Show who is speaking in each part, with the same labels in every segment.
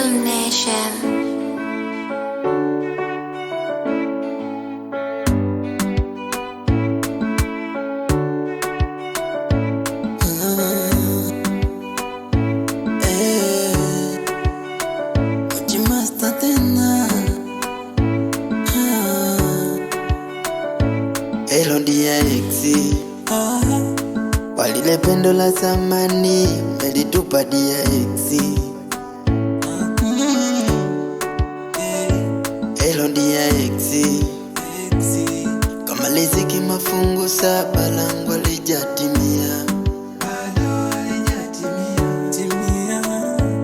Speaker 1: Indonesian. Kwa eh, ah. pendo la zamani umelitupa dia exi Maliziki mafungu saba langu alijatimia,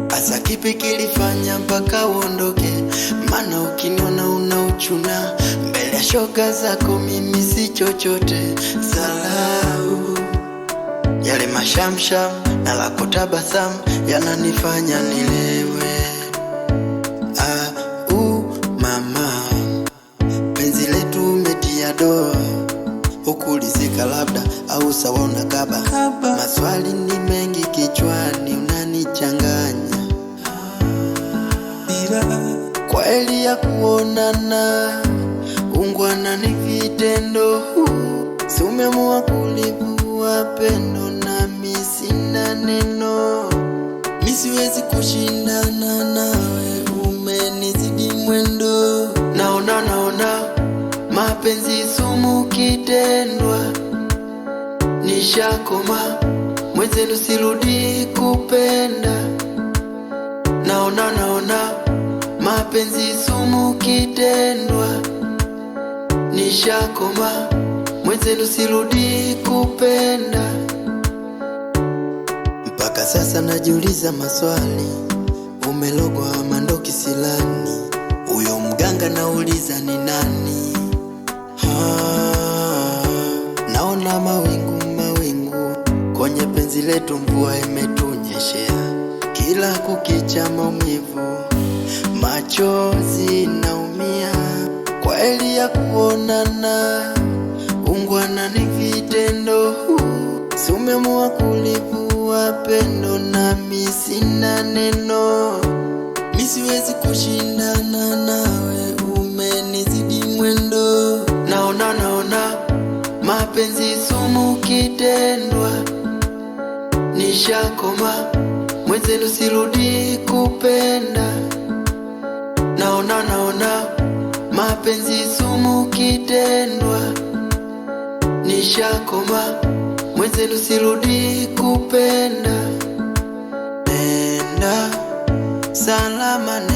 Speaker 1: asa kipi kilifanya mpaka uondoke? Mana ukiniona una uchuna mbele ya shoga zako, mimi si chochote. Salau yale mashamsham na lako tabasamu yananifanya nile hukulizika labda au sawa unakaba kaba. Maswali ni mengi kichwani, unanichanganya kwa eli ya kuonana. Ungwana ni vitendo, si umeamua kulibua pendo, nami sina neno, mi siwezi kushinda mapenzi sumu kitendwa, nishakoma mwenzenu, sirudi kupenda. Naona naona mapenzi sumu kitendwa, nishakoma mwenzenu, sirudi kupenda. Mpaka sasa najiuliza maswali, umelogwa mandoki silani, huyo mganga nauliza ni nani? kuna mawingu mawingu kwenye penzi letu, mvua imetunyeshea kila kukicha, maumivu machozi naumia kwa eli ya kuonana, ungwana ni vitendo, si umeamua pendo, na misina neno, mi kushindana nawe Mapenzi sumu kitendwa, nishakoma mwenzenu, sirudi kupenda. Naona naona, mapenzi sumu kitendwa, nishakoma mwenzenu, sirudi kupenda. Enda salama.